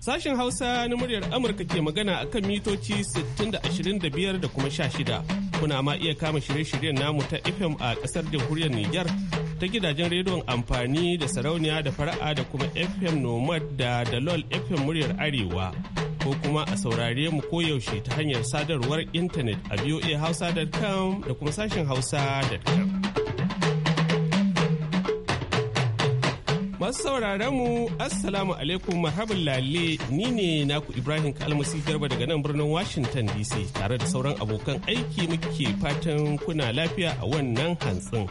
Sashen Hausa na muryar Amurka ke magana a kan mitoci da da kuma 16. Kuna ma iya kama shirye-shiryen namu ta FM a ƙasar jamhuriyar Nijar ta gidajen rediyon amfani da sarauniya da fara'a da kuma FM Nomad da Dalol FM muryar Arewa. Ko kuma a saurare mu koyaushe ta hanyar sadarwar intanet a voahausa.com da kuma sashen hausa.com. Masu sauraron mu Assalamu alaikum Mahabin Lalle ni ne naku Ibrahim Kalmasi Garba daga nan birnin Washington DC tare da sauran abokan aiki muke fatan kuna lafiya a wannan hantsin.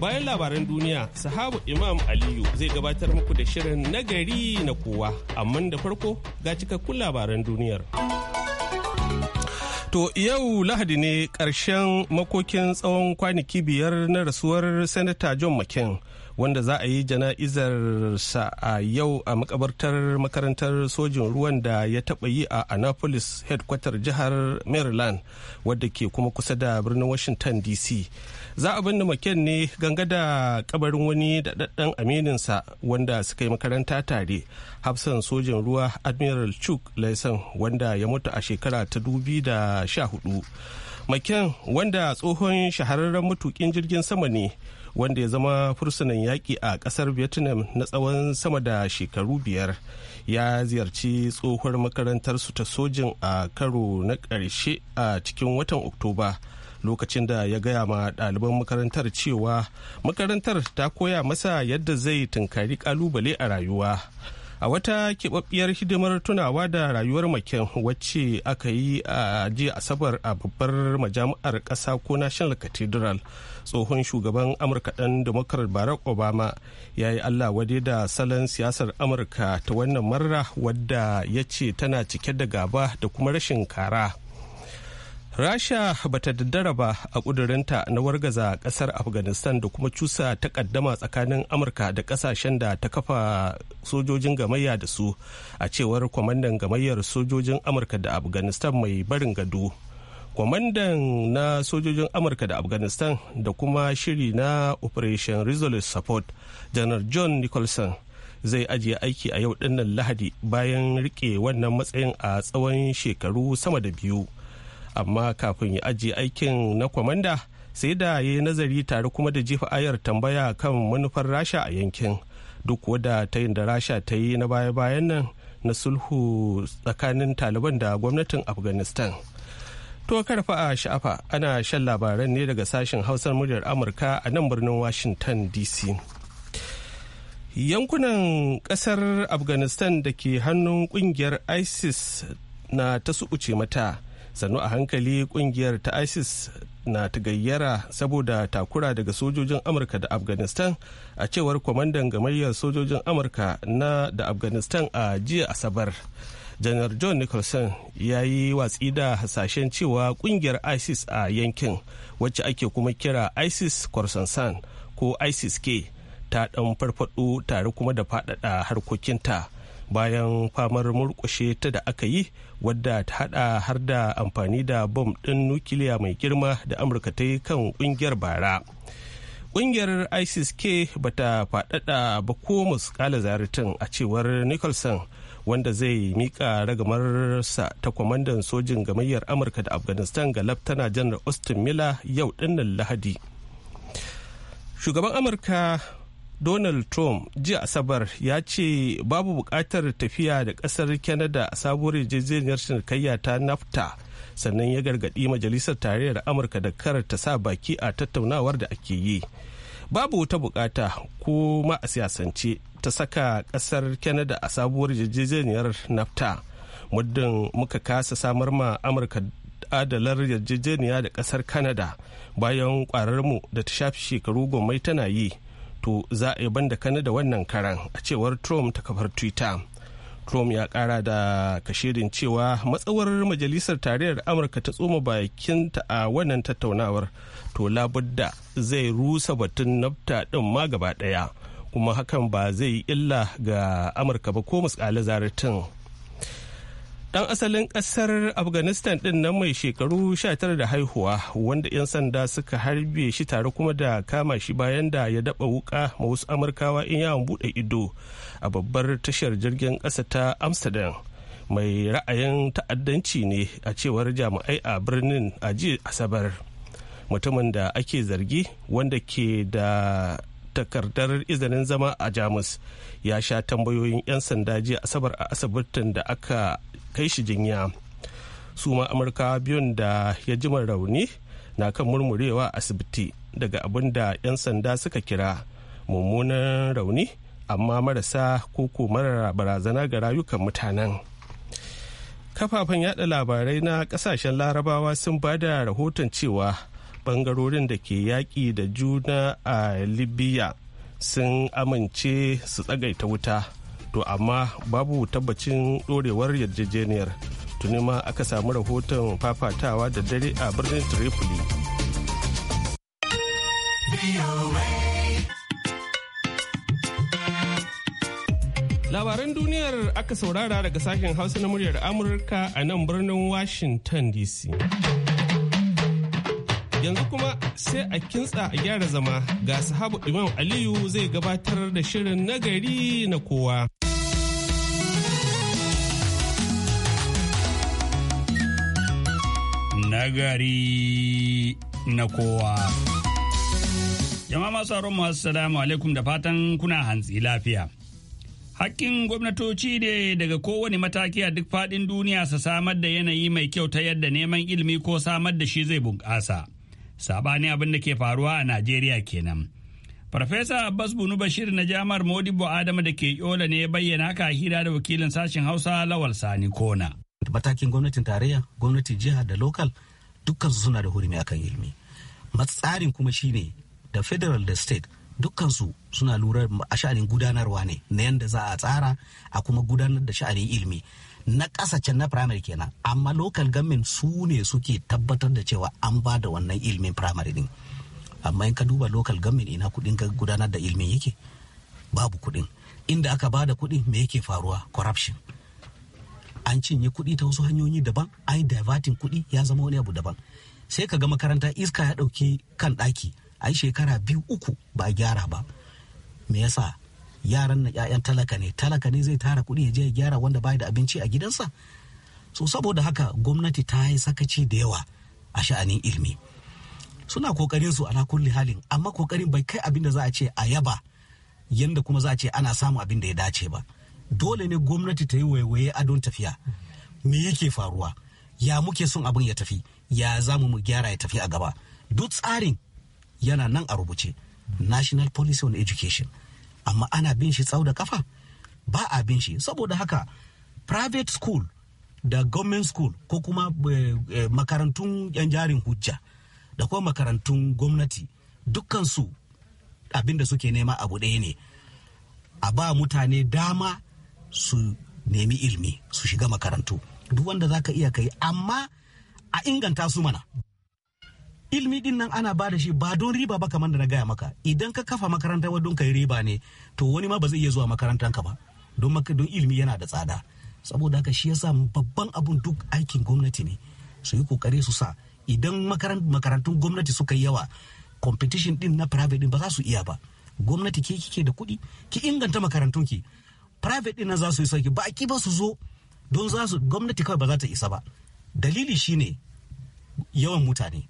Bayan labaran duniya, sahabu Imam Aliyu zai gabatar muku da shirin nagari na kowa, amma da farko ga cikakkun labaran duniyar. To yau Lahadi ne ƙarshen makokin tsawon kwanaki biyar na rasuwar Senator John McCain. wanda za a yi jana'izar sa a yau a makabartar makarantar sojin ruwan da ya taɓa yi a annapolis headquarter jihar maryland wadda ke kuma kusa da birnin washington dc za a binne maken ne ganga da kabarin wani daɗaɗɗen amininsa wanda suka yi makaranta tare hafsan sojin ruwa admiral chuk laisan wanda ya mutu a shekara ta dubi da sha 2014 maken wanda tsohon shahararren matukin jirgin sama ne wanda ya zama fursunan yaƙi a ƙasar vietnam na tsawon sama da shekaru biyar ya ziyarci tsohuwar makarantar su ta sojin a karo na ƙarshe a cikin watan oktoba lokacin da ya gaya ma ɗaliban makarantar cewa makarantar ta koya masa yadda zai tunkari ƙalubale a rayuwa a wata keɓaɓɓiyar hidimar tunawa da rayuwar makin wacce aka yi a ji asabar a babbar majami'ar ƙasa ko national cathedral tsohon shugaban amurka ɗan democrat barack obama ya yi allah wade da salon siyasar amurka ta wannan marra wadda ya ce tana cike da gaba da kuma rashin kara rasha bata daddara ba a ƙudurinta na wargaza ƙasar afghanistan da kuma cusa ta takaddama tsakanin amurka da ƙasashen da ta kafa sojojin gamayya da su a cewar kwamandan gamayyar sojojin amurka da afghanistan mai barin gado kwamandan na sojojin amurka da afghanistan da kuma shiri na operation resolute support janar john nicholson zai ajiye aiki a yau dinnan lahadi bayan rike wannan matsayin a tsawon shekaru sama da biyu amma kafin ya ajiye aikin na kwamanda sai da ya yi nazari tare kuma da jefa ayar tambaya kan manufar rasha a yankin duk wadda ta yin da rasha ta yi na baya-bayan nan na sulhu tsakanin taliban da gwamnatin afghanistan to karfa a sha'afa ana shan labaran ne daga sashen hausar muryar amurka a nan birnin washington dc yankunan kasar afghanistan da ke hannun kungiyar isis na ta uce mata sannu a hankali kungiyar ta isis na tagayyara saboda takura daga sojojin amurka da afghanistan a cewar kwamandan gamayyar sojojin amurka na da afghanistan a jiya asabar janar john nicholson ya yi watsi da hasashen cewa kungiyar isis a yankin wacce ake kuma kira isis korsansan ko isis k ta ɗan farfaɗo tare kuma da faɗaɗa harkokinta bayan famar murƙushe ta da aka yi wadda ta hada har da amfani da bom ɗin nukiliya mai girma da amurka ta yi kan ƙungiyar bara ƙungiyar isis k bata faɗaɗa ba ko muskala zaritin a cewar nicholson wanda zai mika ragamarsa ta kwamandan sojin gamayyar amurka da afghanistan ga laftana janar austin miller yau dinnan lahadi shugaban amurka donald trump jiya asabar ya ce babu bukatar tafiya da kasar canada a sabuwar yarjejeniyar cinikayya ta nafta sannan ya gargaɗi majalisar tarayyar amurka da kar ta sa baki a tattaunawar da ake yi babu wata bukata ko ma a siyasance ta saka kasar canada a sabuwar yarjejeniyar nafta muddin muka kasa samar ma amurka adalar yarjejeniya da kasar canada bayan kwararmu da ta shafi shekaru gomai tana yi to za a ban da kani da wannan karan a cewar trump ta kafar twitter trump ya kara da kashirin cewa matsawar majalisar tarayyar amurka ta tsoma bakinta a wannan tattaunawar to labudda zai rusa batun nafta din ma gaba daya kuma hakan ba zai illa ga amurka ba ko misali zaratin dan asalin kasar afghanistan din nan mai shekaru 19 da haihuwa wanda 'yan sanda suka harbe shi tare kuma da kama shi bayan da ya daba wuka ma wasu amurkawa in yawon bude ido a babbar tashar jirgin ƙasa ta amsterdam mai ra'ayin ta'addanci ne a cewar jami'ai a birnin a asabar mutumin da ake zargi wanda ke da takardar izinin zama a jamus ya sha tambayoyin 'yan sanda jiya asabar a asibitin da aka kai shi jinya su ma amurka biyun da ya jima rauni na kan murmurewa asibiti daga abin da 'yan sanda suka kira mummunan rauni amma marasa koko marar barazana ga rayukan mutanen kafafen yada labarai na kasashen larabawa sun ba da rahoton cewa bangarorin da ke yaƙi da juna a libya sun amince su tsagaita wuta to amma babu tabbacin ɗorewar yarjejeniyar tuni ma aka samu rahoton fafatawa da dare a birnin tripoli labaran duniyar aka saurara daga sashen hausa na muryar amurka a nan birnin washington dc yanzu kuma sai a kintsa a gyara zama ga sahabu imam aliyu zai gabatar da shirin nagari na kowa nagari na kowa jama'a masu aron masu salamu alaikum da fatan kuna hantsi lafiya Hakkin gwamnatoci ne daga kowane mataki a duk faɗin duniya su samar da yanayi mai kyau ta yadda neman ilimi ko samar da shi zai bunƙasa. sabani abin da ke faruwa a Najeriya kenan. Farfesa Abbas Bunu Bashir na Jamar Modibo Adamu da ke Yola ne ya bayyana haka hira da wakilin sashen Hausa Lawal Sani Kona. Matakin gwamnatin tarayya, gwamnatin jiha da local dukkan suna da hurumi akan ilimi. Matsarin kuma shine da federal da state dukkansu suna lura a sha'anin gudanarwa ne na yanda za a tsara a kuma gudanar da sha'anin ilimi. na ƙasa can na firamare kenan amma lokal government su ne suke tabbatar da cewa an ba da wannan ilimin firamare din amma in ka duba lokal gamin ina kudin ka gudanar da ilimin yake babu kudin. inda aka ba da kudin me yake faruwa corruption an cinye kudi ta wasu hanyoyi daban an yi diverting kudi ya zama wani abu daban sai ka ga makaranta iska ya ɗauki kan ɗaki ai shekara biyu uku ba gyara ba me yasa yaran na 'ya'yan talaka ne talaka ne zai tara kuɗi ya je ya gyara wanda bai da abinci a gidansa so saboda haka gwamnati ta yi sakaci da yawa a sha'anin ilimi suna kokarin su ana kulli halin amma kokarin bai kai abin da za a ce a yaba yanda kuma za a ce ana samun abin da ya dace ba dole ne gwamnati ta yi waiwaye adon tafiya me yake faruwa ya muke son abin ya tafi ya za mu gyara ya tafi a gaba duk tsarin yana nan a rubuce national policy on education amma ana bin shi tsau da kafa ba a bin shi saboda haka private school da government school ko kuma eh, eh, makarantun yan jarin hujja da kuma makarantun gwamnati dukkansu abinda suke nema abu ɗaya ne a ba mutane dama su nemi ilmi su shiga makarantu duk wanda za ka iya kai amma a inganta su mana ilimi din nan ana ba da shi ba don riba ba kamar da na gaya maka idan ka kafa makaranta wa don kai riba ne to wani ma ba zai iya zuwa makarantanka ba don don ilimi yana da tsada saboda haka shi yasa babban abun duk aikin gwamnati ne su yi kokari su sa idan makarantun gwamnati suka yi yawa competition din na private din ba za su iya ba gwamnati ke kike da kuɗi ki inganta makarantun ki private din na za su yi sauki ba ki ba su zo don za su gwamnati kawai ba za ta isa ba dalili shine yawan mutane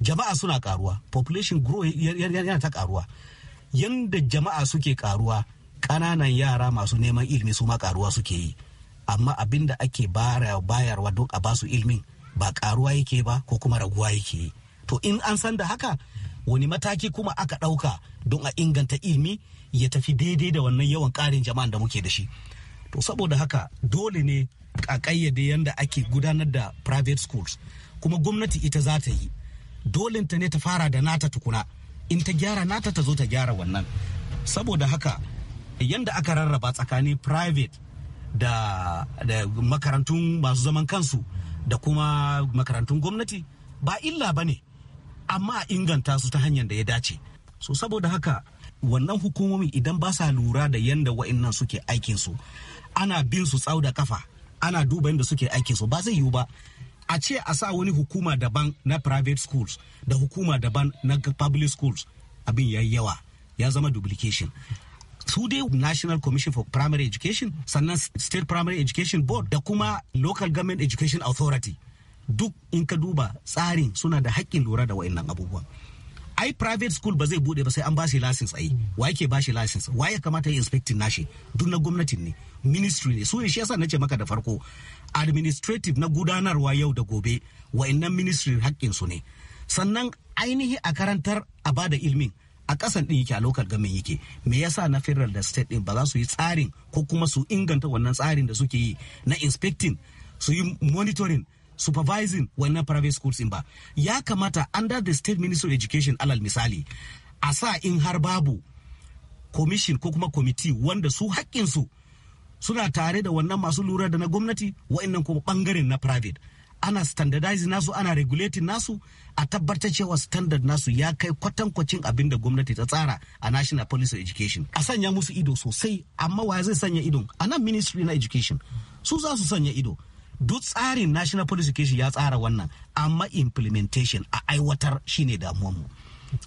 jama'a suna karuwa population growth yana ta karuwa yanda jama'a suke karuwa kananan yara masu neman ilimi su ma karuwa suke yi amma abin da ake bayarwa don a basu ilimin ba karuwa yake ba ko kuma raguwa yake yi to in an san da haka wani mataki kuma aka ɗauka don a inganta ilimi ya tafi daidai da wannan yawan ƙarin jama'an da muke da shi to saboda haka dole ne a ƙayyade yanda ake gudanar da private schools kuma gwamnati ita za ta yi ta ne ta fara da nata tukuna in ta gyara nata ta zo ta gyara wannan saboda haka yadda aka rarraba tsakanin private da, da makarantun masu zaman kansu da kuma makarantun gwamnati ba illa ba ne amma a inganta su ta hanyar da ya dace so saboda haka wannan hukumomi idan ba sa lura da yadda wa'annan suke aikinsu ana bin su tsau da kafa ana duba yadda suke aikinsu ba zai yiwu ba a ce a sa wani hukuma daban na private schools da hukuma daban na public schools abin ya yawa ya zama duplication su dai national commission for primary education sannan state primary education board da kuma local government education authority duk in ka duba tsarin suna da haƙƙin lura da wa'annan abubuwan ai private school ba zai bude ba sai an ba shi license ai wa yake ba shi license wa ya kamata ya inspecting nashi duk na gwamnati ne ministry ne su ne shi yasa na ce maka da farko administrative na gudanarwa yau da gobe wa'annan ministry haƙƙin su ne sannan ainihi a karantar a bada ilmin a ƙasan ɗin yake a local gamin yake me yasa na federal da state din ba za su yi tsarin ko kuma su inganta wannan tsarin da suke yi na inspecting su yi monitoring supervising wannan private schools in ba ya kamata under the state ministry of education alal misali a sa in har babu commission ko kuma committee wanda su haƙƙinsu suna tare da wannan masu lura da na gwamnati wa'annan kuma bangaren na private ana standardizing nasu ana regulating nasu a tabbatar cewa standard nasu ya kai kwatankwacin abin da gwamnati ta tsara a national policy education a sanya musu ido sosai amma wa zai sanya ido a nan ministry na education su za su sanya ido duk tsarin national policy education ya tsara wannan amma implementation a aiwatar shine mu.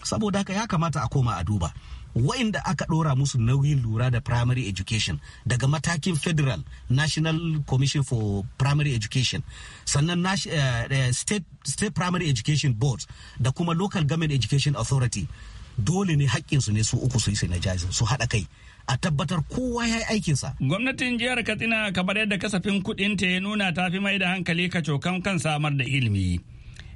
saboda haka ya kamata a koma a duba wa'inda aka ɗora musu nauyin lura da primary education daga matakin federal national commission for primary education sannan uh, state, state primary education board da kuma local government education authority dole ne haƙƙinsu ne su uku su yi su haɗa kai a tabbatar kowa ya yi aikinsa. Gwamnatin jihar Katsina kamar yadda kasafin kuɗin ta ya nuna ta fi mai da hankali kacokan kan samar da ilimi.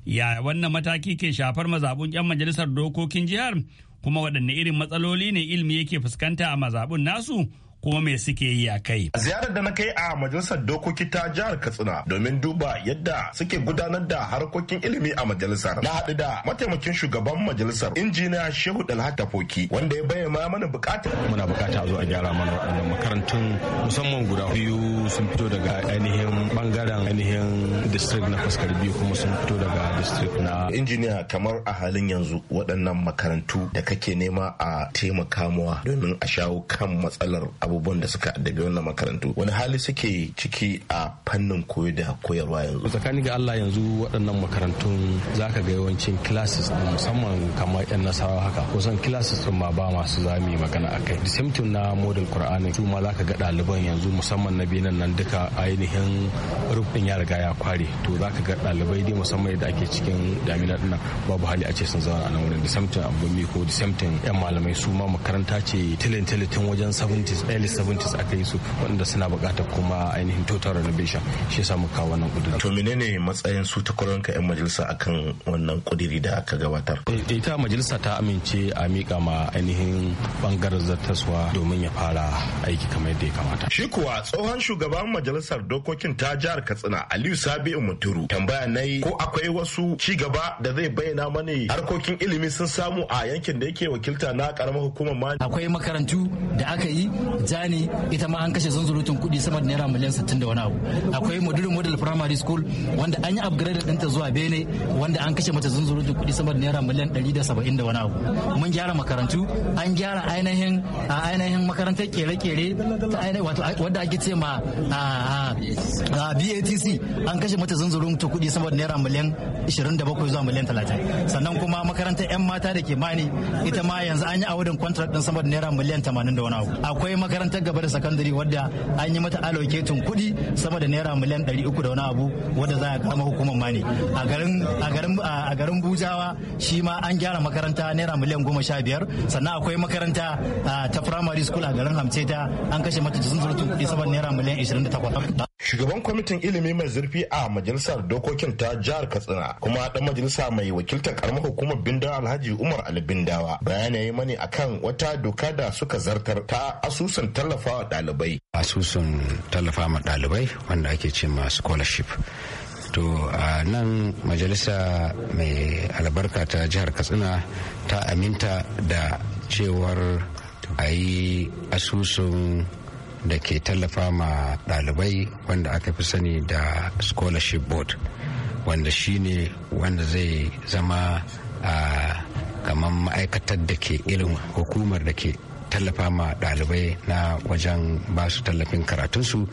Ya wannan mataki ke shafar mazabun 'yan majalisar dokokin jihar kuma waɗanne irin matsaloli ne ilimi yake fuskanta a mazabun nasu kuma me suke yi a kai. Ziyarar da na kai a majalisar dokoki ta jihar Katsina domin duba yadda suke gudanar da harkokin ilimi a majalisar. Na haɗu da mataimakin shugaban majalisar injiniya Shehu Dalhat Foki wanda ya bayyana mana bukata. Muna bukata a zo a gyara mana waɗannan makarantun musamman guda biyu sun fito daga ainihin bangaren ainihin district na fuskar biyu kuma sun fito daga district na. Injiniya kamar a halin yanzu waɗannan makarantu da kake nema a taimaka taimakawa domin a shawo kan matsalar abubuwan da suka addabi wannan makarantu wani hali suke ciki a fannin koyo da koyarwa yanzu tsakani ga Allah yanzu waɗannan makarantun zaka ga yawancin classes musamman kamar yan nasarawa haka kusan classes din ma ba masu zami magana akai the same thing na model Qur'ani su ma zaka ga ɗaliban yanzu musamman na binan nan duka ainihin rubin ya riga ya kware to zaka ga ɗalibai dai musamman da ake cikin damina dinnan babu hali a ce sun zauna a nan wurin the same thing abu ko the same thing yan malamai su ma makaranta ce tilin tilin wajen 70s early 70s aka yi su wanda suna bukatar kuma ainihin total renovation shi ya samu kawo wannan kudiri to menene matsayin su ta takwarorinka yan majalisa akan wannan kudiri da aka gabatar eh, ita majalisa ta amince a mika ma ainihin bangaren zartaswa domin ya fara aiki kamar yadda ya kamata shi kuwa tsohon shugaban majalisar dokokin ta jihar katsina aliyu sabi'u muturu tambaya na yi ko akwai wasu ci gaba da zai bayyana mani harkokin ilimi sun samu a yankin da yake wakilta na karamar hukumar mani akwai makarantu da aka yi jani ita ma an kashe zunzurutun kuɗi sama da naira miliyan 60 da wani abu akwai modulin model primary school wanda an yi upgrade ɗinta zuwa bene wanda an kashe mata zunzurutun kuɗi sama da naira miliyan 170 da wani abu mun gyara makarantu an gyara ainihin a ainihin makarantar kere-kere ta ainihin wato wadda ake ce ma A BATC an kashe mata zunzurutun kudi sama da naira miliyan 27 zuwa miliyan 30 sannan kuma makarantar 'yan mata da ke mani ita ma yanzu an yi awudin contract ɗin sama da naira miliyan 80 da wani abu akwai makarantar gaba da sakandare wadda an yi mata allocating kuɗi sama da naira miliyan ɗari uku da wani abu wadda za a kama hukumar mani a a garin bujawa shi ma an gyara makaranta naira miliyan goma sha biyar sannan akwai makaranta ta primary school a garin hamce ta an kashe mata jisun zurutun kuɗi sama da naira miliyan da takwas shugaban kwamitin ilimi mai zurfi a majalisar dokokin ta jihar katsina kuma dan majalisa mai wakiltar karamar hukumar bindawa alhaji umar albindawa bayan ya yi mani akan wata doka da suka zartar ta asusun tallafa wa ɗalibai asusun tallafa ma ɗalibai wanda ake ce ma scholarship to a nan majalisa mai albarka ta jihar katsina ta aminta da cewar a yi asusun da ke tallafa ma ɗalibai wanda aka fi sani da scholarship board wanda shi ne wanda zai zama a kamar ma'aikatar da ke irin hukumar da ke tallafa ma ɗalibai na wajen ba su tallafin karatunsu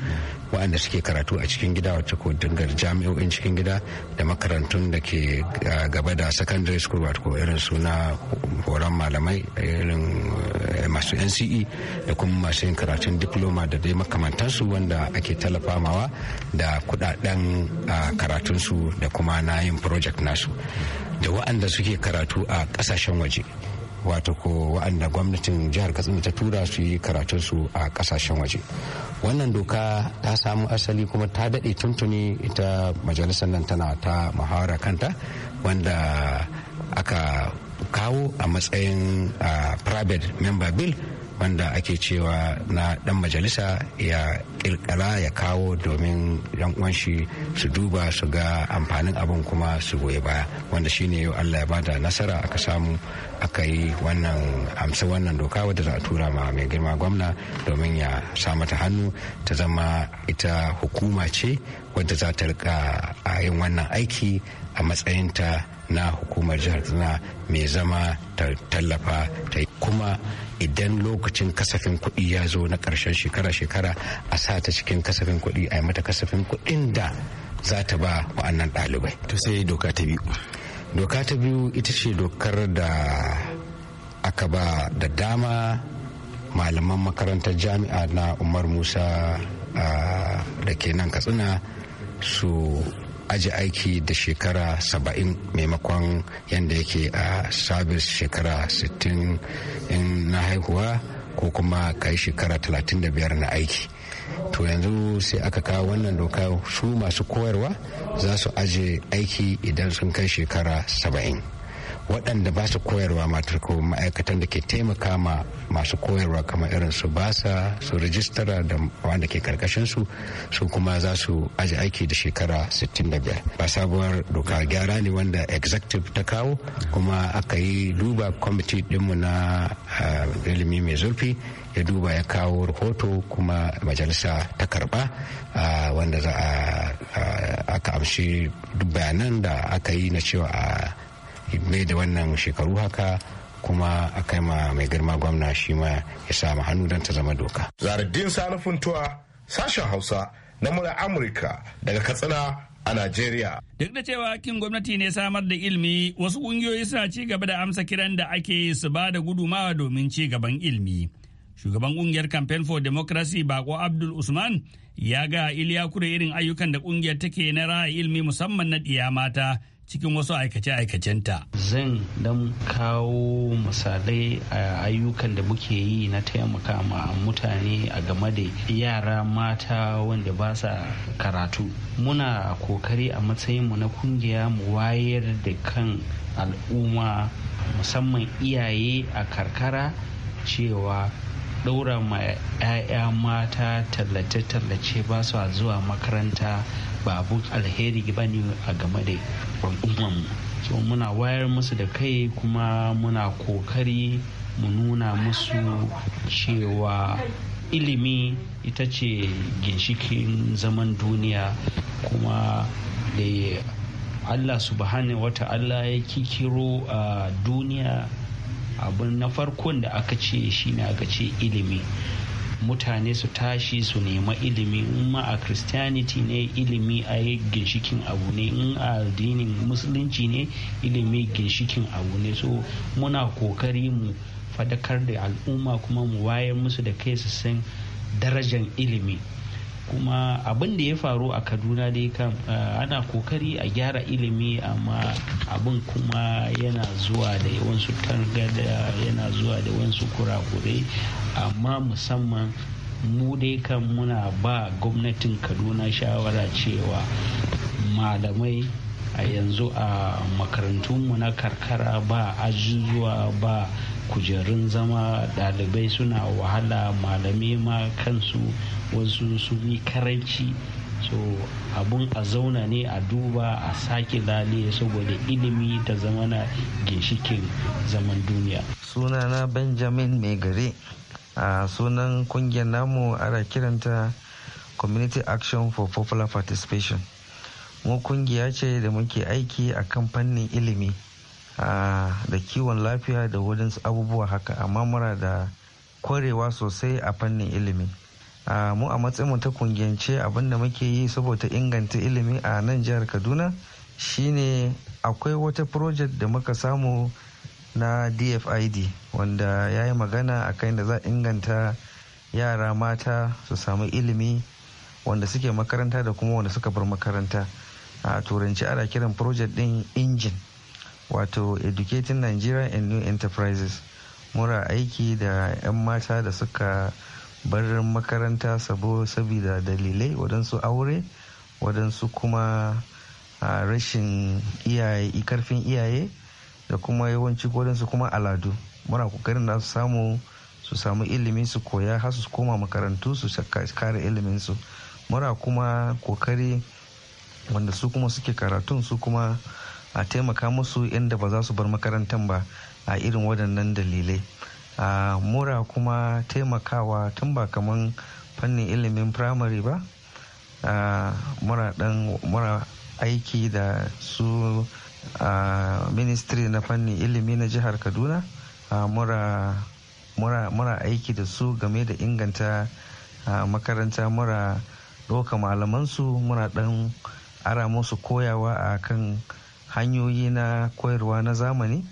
waɗanda suke karatu a cikin gida wata ko dangar jami'o'in cikin gida da makarantun da ke gaba da secondary school wato irin su horon malamai irin Eh, masu nce da kuma masu yin karatun diploma da dai makamantansu wanda ake talafamawa da kudaden ah, karatunsu da kuma na yin project nasu da wa'anda suke karatu a kasashen waje wato ko wa'anda gwamnatin jihar katsina ta tura su yi karatunsu a kasashen waje wannan doka ta samu asali kuma ta daɗe tuntuni ita majalisar nan tana ta muhawara kanta wanda aka kawo a matsayin private member bill wanda ake cewa na dan majalisa ya kirkira ya kawo domin yan shi su duba su ga amfanin abin kuma su goyi baya wanda shine yau Allah ya bada nasara aka samu aka yi wannan amsa wannan doka wadda za a tura ma mai girma gwamna domin ya sa mata hannu ta zama ita hukuma ce wadda za ta rika yin wannan aiki a matsayinta na hukumar jihar katsina mai zama ta tallafa ta kuma idan lokacin kasafin kuɗi ya zo na ƙarshen shekara-shekara a sa ta cikin kasafin kuɗi a yi mata kasafin kuɗin da za ta ba wa'annan ɗalibai. to sai doka ta biyu doka ta biyu ita ce dokar da aka ba da dama malaman makarantar jami'a na umar musa ah, da ke nan katsina su aji aiki da shekara saba'in maimakon yadda yake a sabis shekara 60 in na haihuwa ko kuma ka yi shekara 35 na aiki to yanzu sai aka kawo wannan doka su masu koyarwa za su aje aiki idan sun kai shekara saba'in. waɗanda ba su koyarwa matar ko ma'aikatan da ke taimaka ma masu koyarwa kamar irin su basa su rijistara da wanda ke karkashin su su kuma za su aji aiki da shekara 65 ba sabuwar doka gyara ne wanda executive ta kawo kuma aka yi duba kwamiti dinmu na ilimi mai zurfi ya duba ya kawo rahoto kuma majalisa ta karba wanda za a aka amshi bayanan da aka yi na cewa a mai da wannan shekaru haka kuma a kai ma mai girma gwamna shi ma ya samu hannu don ta zama doka. Zaradin salafin tuwa sashen Hausa na mura Amurka daga Katsina a Najeriya. Duk da cewa hakkin gwamnati ne samar da ilimi wasu kungiyoyi suna ci gaba da amsa kiran da ake su ba da gudumawa domin ci gaban ilimi. Shugaban kungiyar Campaign for Democracy Bako Abdul Usman ya ga Iliya Kure irin ayyukan da kungiyar take na ra'ayi ilimi musamman na ɗiya mata cikin wasu aikace-aikacenta. Zan dan kawo misalai a ayyukan da muke yi na taimaka ma mutane a game da yara mata wanda ba sa karatu. Muna kokari a matsayinmu na kungiya mu wayar da kan al'umma musamman iyaye a karkara cewa ɗaura ma 'ya'ya mata tallace-tallace ba su zuwa makaranta ba abun alheri ba ne a game da mu so muna wayar musu da kai kuma muna kokari mu nuna musu cewa ilimi ita ce ginshikin zaman duniya kuma da allah subhanahu wata allah ya kikiro a duniya abin na farkon da aka ce shine aka ce ilimi mutane su tashi su nema ilimi in ma a christianity ne ilimi a ginshikin abu ne in a addinin musulunci ne ilimi ginshikin abu ne so muna kokari mu fadakar da al'umma kuma mu wayar musu da kai su san darajar ilimi kuma abin da ya faru a kaduna dai kan eh, ana kokari a gyara ilimi amma abin kuma yana zuwa da yawansu targada yana zuwa da yawansu kurakurai amma musamman mu dai kan muna ba gwamnatin kaduna shawara cewa malamai a yanzu a makarantunmu na karkara ba ajujuwa ba kujerun zama ɗalibai suna wahala malamai ma kansu wasu sun yi karanci so abun a zauna ne a duba a sake lale saboda ilimi ta zama na ginshikin zaman duniya sunana benjamin mai gare a sunan kungiyar namu ana kiranta community action for popular participation mu kungiya ce da muke aiki a kan fannin ilimi da kiwon lafiya da wurin abubuwa haka amma mura da kwarewa sosai a fannin ilimi mu a mu ta kungiyance abinda muke yi saboda inganta ilimi a nan jihar kaduna shine akwai wata project da muka samu na dfid wanda ya yi magana a kan da za a inganta yara mata su samu ilimi wanda suke makaranta da kuma wanda suka bar makaranta a turanci ana kiran project din injin wato educating nigeria and new enterprises mura aiki da 'yan mata da suka barin makaranta saboda dalilai waɗansu aure waɗansu kuma rashin iyaye karfin iyaye da kuma yawanci waɗansu kuma aladu muna kokarin da su samu su samu ilimi su koya har su koma makarantu su kare su muna kuma kokari wanda su kuma suke karatun su kuma a taimaka musu inda ba za su bar makarantar ba a irin waɗannan dalilai a mura kuma taimakawa tun ba kaman fannin ilimin firamare ba mura dan mura aiki da su ministry na fannin ilimi na jihar kaduna mura aiki da su game da inganta makaranta mura ɗauka malamansu mura ɗan ara musu koyawa a kan hanyoyi na koyarwa na zamani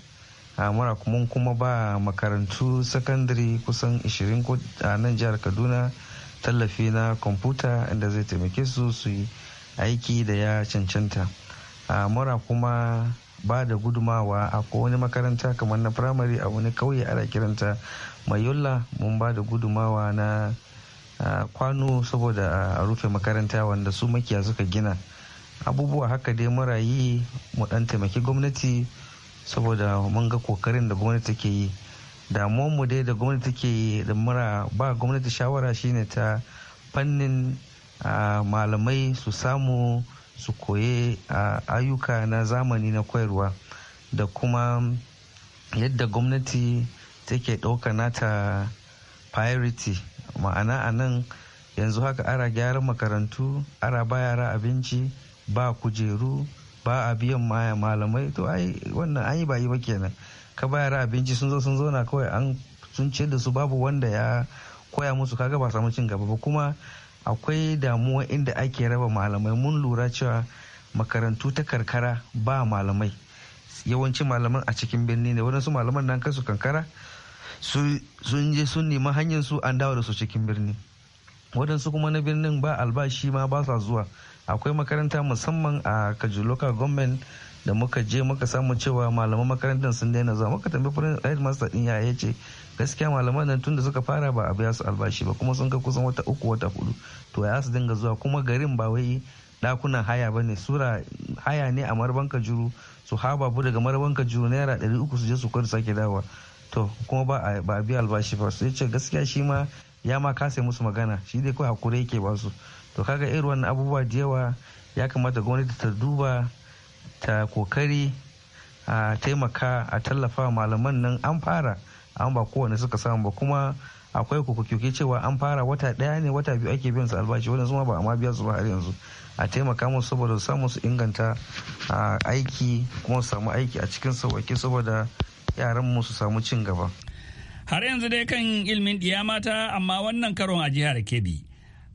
muna kuma kuma ba makarantu sakandare kusan 20 a nan jihar kaduna tallafi na kwamfuta inda zai taimake su su yi aiki da ya cancanta mura kuma ba da gudumawa a wani makaranta kamar na firamare a wani kauye ana kiranta mayola mun ba da gudumawa na kwano saboda a rufe makaranta wanda su makiya suka gina abubuwa haka dai yi mu ɗan taimaki gwamnati saboda mun ga kokarin da gwamnati take yi da mu dai da gwamnati take yi da mura ba gwamnati shawara shine ta fannin malamai su samu su koye ayyuka na zamani na koyarwa da kuma yadda gwamnati take ɗauka nata priority ma'ana a nan yanzu haka ara gyaran makarantu ara ba yara abinci ba kujeru ba a biyan maya malamai to ai wannan an yi ba yi ba kenan ka bayar abinci sun zo sun zo na kawai an sun ce da su babu wanda ya koya musu kaga ba samu cin gaba ba kuma akwai damuwa inda ake raba malamai mun lura cewa makarantu ta karkara ba malamai yawanci malaman a cikin birni ne wadansu malaman nan kansu kankara sun je sun nemi hanyar su an dawo da su cikin birni wadansu kuma na birnin ba albashi ma ba sa zuwa akwai makaranta musamman a kaju local government da muka je muka samu cewa malaman makarantar sun daina zuwa muka tambayi headmaster din ya ce gaskiya malaman nan tun da suka fara ba a biya su albashi ba kuma sun ga kusan wata uku wata hudu to ya su dinga zuwa kuma garin ba wai dakunan haya ba ne sura haya ne a marban kajuru su ha bu daga marban kajuru naira ɗari uku su je su kwari sake dawa to kuma ba a biya albashi ba su ce gaskiya shi ma ya ma kasa musu magana shi dai kawai hakuri yake ba su to kaga irin wannan abubuwa da yawa ya kamata gwamnati ta duba ta kokari a taimaka a tallafa malaman nan an fara an ba kowane suka samu ba kuma akwai kukukuki cewa an fara wata ɗaya ne wata biyu ake biyan su albashi wadansu ma ba a ma biya su ba har yanzu a taimaka musu saboda samu su inganta aiki kuma su samu aiki a cikin sauƙi saboda yaran mu su samu cin gaba har yanzu dai kan ilimin ɗiya mata amma wannan karon a jihar kebbi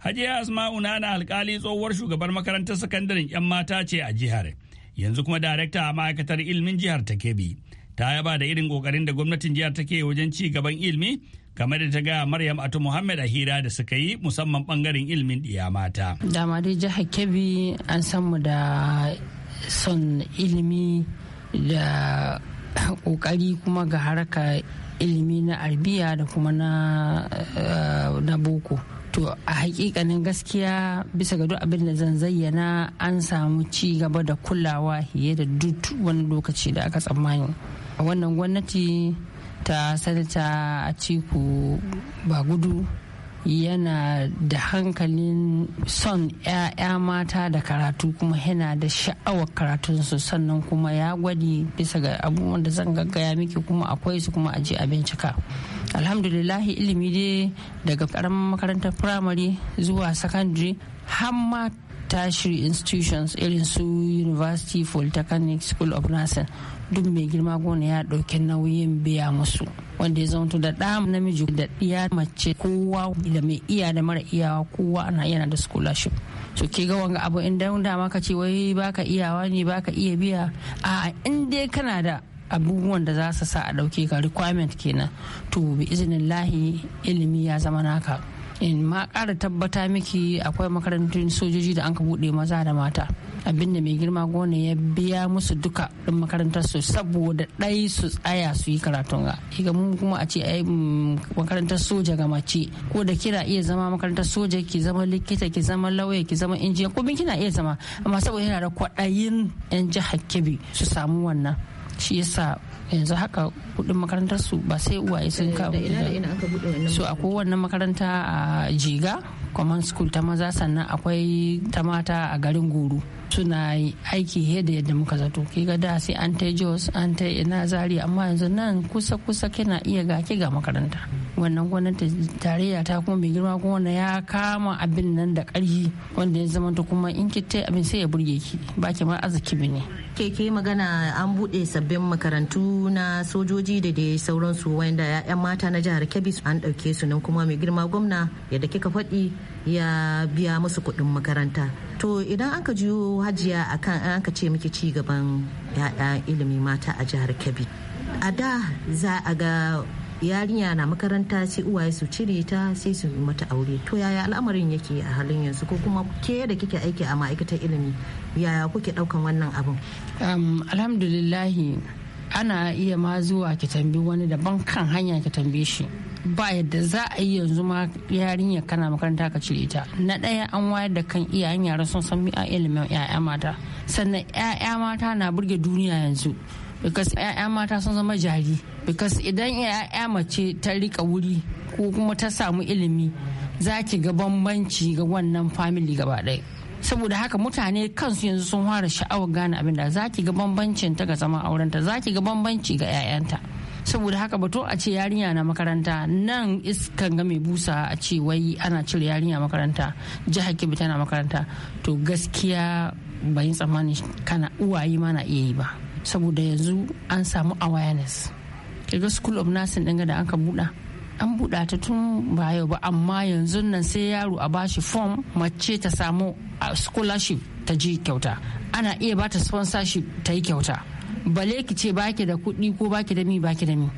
Hajiya Asma'u Nana alkali tsohuwar shugabar makarantar sakandaren 'yan mata ce a jihar. Yanzu kuma darekta a ma'aikatar ilimin jihar ta Kebbi. Ta yaba da irin kokarin da gwamnatin jihar take wajen ci gaban ilimi kamar da ta gaya Maryam Atu Muhammad a hira da suka yi musamman bangaren ilimin ɗiya mata. Dama dai jihar Kebbi an san da son ilimi da kokari kuma ga haraka ilimi na arbiya da kuma na eh, boko. to a hakikanin gaskiya bisa ga duk abin da zan zayyana an samu ci gaba da kulawa fiye da duk wani lokaci da aka tsammani a wannan gwamnati ta sanata a ciku ba gudu yana da hankalin son 'ya'ya mata da karatu kuma yana da sha'awar karatunsu sannan kuma ya gwadi bisa ga abubuwan da zan gaggaya miki kuma akwai su kuma a ji a bincika. alhamdulillahi ilimi dai daga karamin makarantar firamare zuwa secondary hamma tashiri tertiary institutions irin su university polytechnic school of nursing duk mai girma gona ya ɗauki nauyin biya musu wanda ya zama da ɗa namiji da ɗiya mace kowa da mai iya da mara iyawa kowa ana yana da scholarship so ke ga wanga abu in dama ka ce wai baka iyawa ne baka iya biya a inda kana da abubuwan da za su sa a ɗauke ka requirement kenan to bi izinin lahi ilimi ya zama naka in ma ƙara tabbata miki akwai makarantun sojoji da an ka buɗe maza da mata abinda mai girma gona ya biya musu duka ɗin makarantar su saboda ɗai su tsaya su yi karatun ga ga mun kuma a ce ai mm, makarantar soja ga mace ko da kina iya zama makarantar soja ki zama likita ki zama lauya ki zama injiniya ko bin kina iya zama amma saboda yana da kwaɗayin yan jihar kebbi su samu wannan shi yasa yanzu haka kudin makarantar su ba sai uwaye sun eh, kawo su a kowanne makaranta a jiga common school ta maza sannan akwai ta mata a garin goro suna aiki yadda yadda muka zato ki ga da sai an ta jos an ta ina zari amma yanzu nan kusa kusa kina iya ga ki ga makaranta wannan gwamnati tarayya ta kuma mai girma kuma wannan ya kama abin nan da ƙarfi wanda ya zama kuma in ki ta abin sai ya burge ki ba ki ma arziki bane ke ke magana an bude sabbin makarantu na sojoji da dai sauransu wanda 'ya'yan mata na jihar kebis an dauke su nan kuma mai girma gwamna yadda kika faɗi ya biya musu kuɗin makaranta to idan aka jiyo hajiya a kan an aka ce miki ci gaban ilimi mata a jihar kebbi a da za a ga yarinya na makaranta sai uwaye su cire ta sai su mata aure to yaya al'amarin yake a halin yanzu ko kuma ke da kike aiki a ma'aikatar ilimi yaya kuke daukan wannan abin alhamdulillahi ana iya ma zuwa ki tambi wani daban kan hanya ki tambi shi ba yadda za a yi yanzu ma yarinya kana makaranta ka cire ta na ɗaya an wayar da kan iyayen yara sun san a ilimin 'ya'ya mata sannan 'ya'ya mata na burge duniya yanzu because 'ya'ya mata sun zama jari because idan 'ya'ya mace ta rika wuri ko kuma ta samu ilimi za ki ga bambanci ga wannan family gaba ɗaya saboda haka mutane kansu yanzu sun fara sha'awar gane abin da za ki ga bambancin ta ga zama aurenta za ki ga bambanci ga 'ya'yanta saboda haka bato a ce yarinya na makaranta nan iskan ga mai busa a ce wai ana cire yarinya makaranta jihar kebbi tana makaranta to gaskiya bayin tsammani kana uwaye ma na iya yi ba saboda yanzu an samu awareness kiga school of nursing ɗin da aka buɗa an buɗa ta tun ba yau ba amma yanzu nan sai yaro a bashi form mace ta samu scholarship ta ji kyauta ana iya bata sponsorship ta yi kyauta bale ki ce baki da kuɗi ko baki da mi baki da mi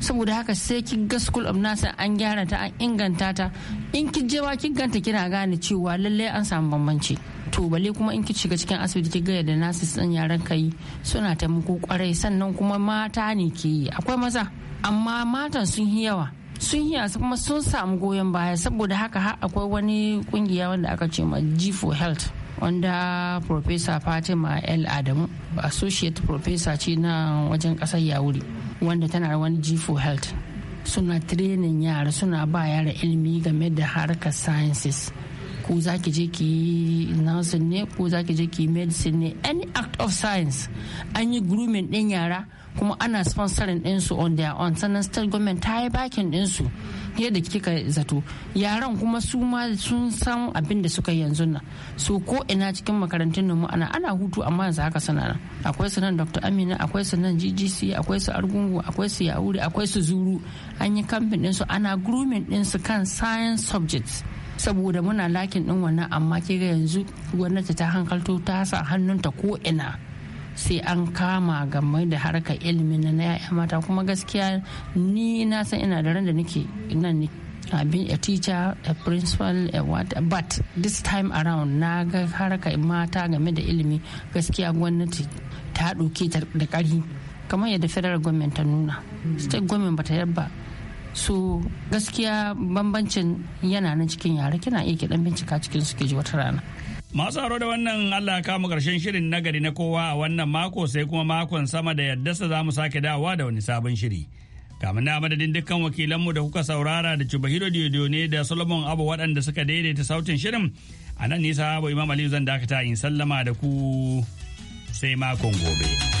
saboda haka sai ki ga school of nasa an gyara ta an inganta ta in ki je kin ganta kina gane cewa lallai an samu bambanci to bale kuma in ki shiga cikin asibiti ki ga yadda nasu san yaran kai suna taimako kwarai sannan kuma mata ne ke yi akwai maza amma matan sun yi yawa sun yi kuma sun samu goyon baya saboda haka har akwai wani kungiya wanda aka ce ma g for health wanda Profesa Fatima el Adamu Associate Profesa ce na wajen ƙasar Yawuri wanda tana wani G4 Health. Suna training yara suna ba yara ilimi game da harkar sciences. ko za ki je ki yi nursing ne ko za ki je ki yi medicine ne any act of science an yi grooming din yara kuma ana sponsoring su on their own sannan state government ta yi bakin ɗinsu yadda kika zato yaran kuma su ma sun san abin da suka yanzu nan so ko ina cikin makarantun mu ana ana hutu amma yanzu haka sana nan akwai su nan dr amina akwai su nan ggc akwai su argungu akwai su yauri akwai su zuru an yi kamfin su ana grooming ɗinsu kan science subjects saboda muna lakin din wannan amma ke yanzu gwamnati ta hankalto ta sa hannunta ko ina sai an kama game da harkar ilimi na ya'ya mata kuma gaskiya ni na san ina da ran da nake nan a been a teacher, a principal, a what, but this time around na ga harka mata game da ilimi gaskiya gwamnati ta ta da ƙari kamar yadda federal government ta nuna state government bata yabba so gaskiya bambancin yana nan cikin yare kina iya kiɗan bincika cikin suke ji wata rana masu haro da wannan Allah ya kama karshen shirin nagari na kowa a wannan mako sai kuma makon sama da sa za mu sake dawowa da wani sabon shiri kamin na madadin dukkan wakilanmu da kuka saurara da Chubahiro Diodio ne da Solomon Abu waɗanda suka daidaita sautin shirin a nan nisa Abu Imam Aliyu zan dakata in sallama da ku sai makon gobe.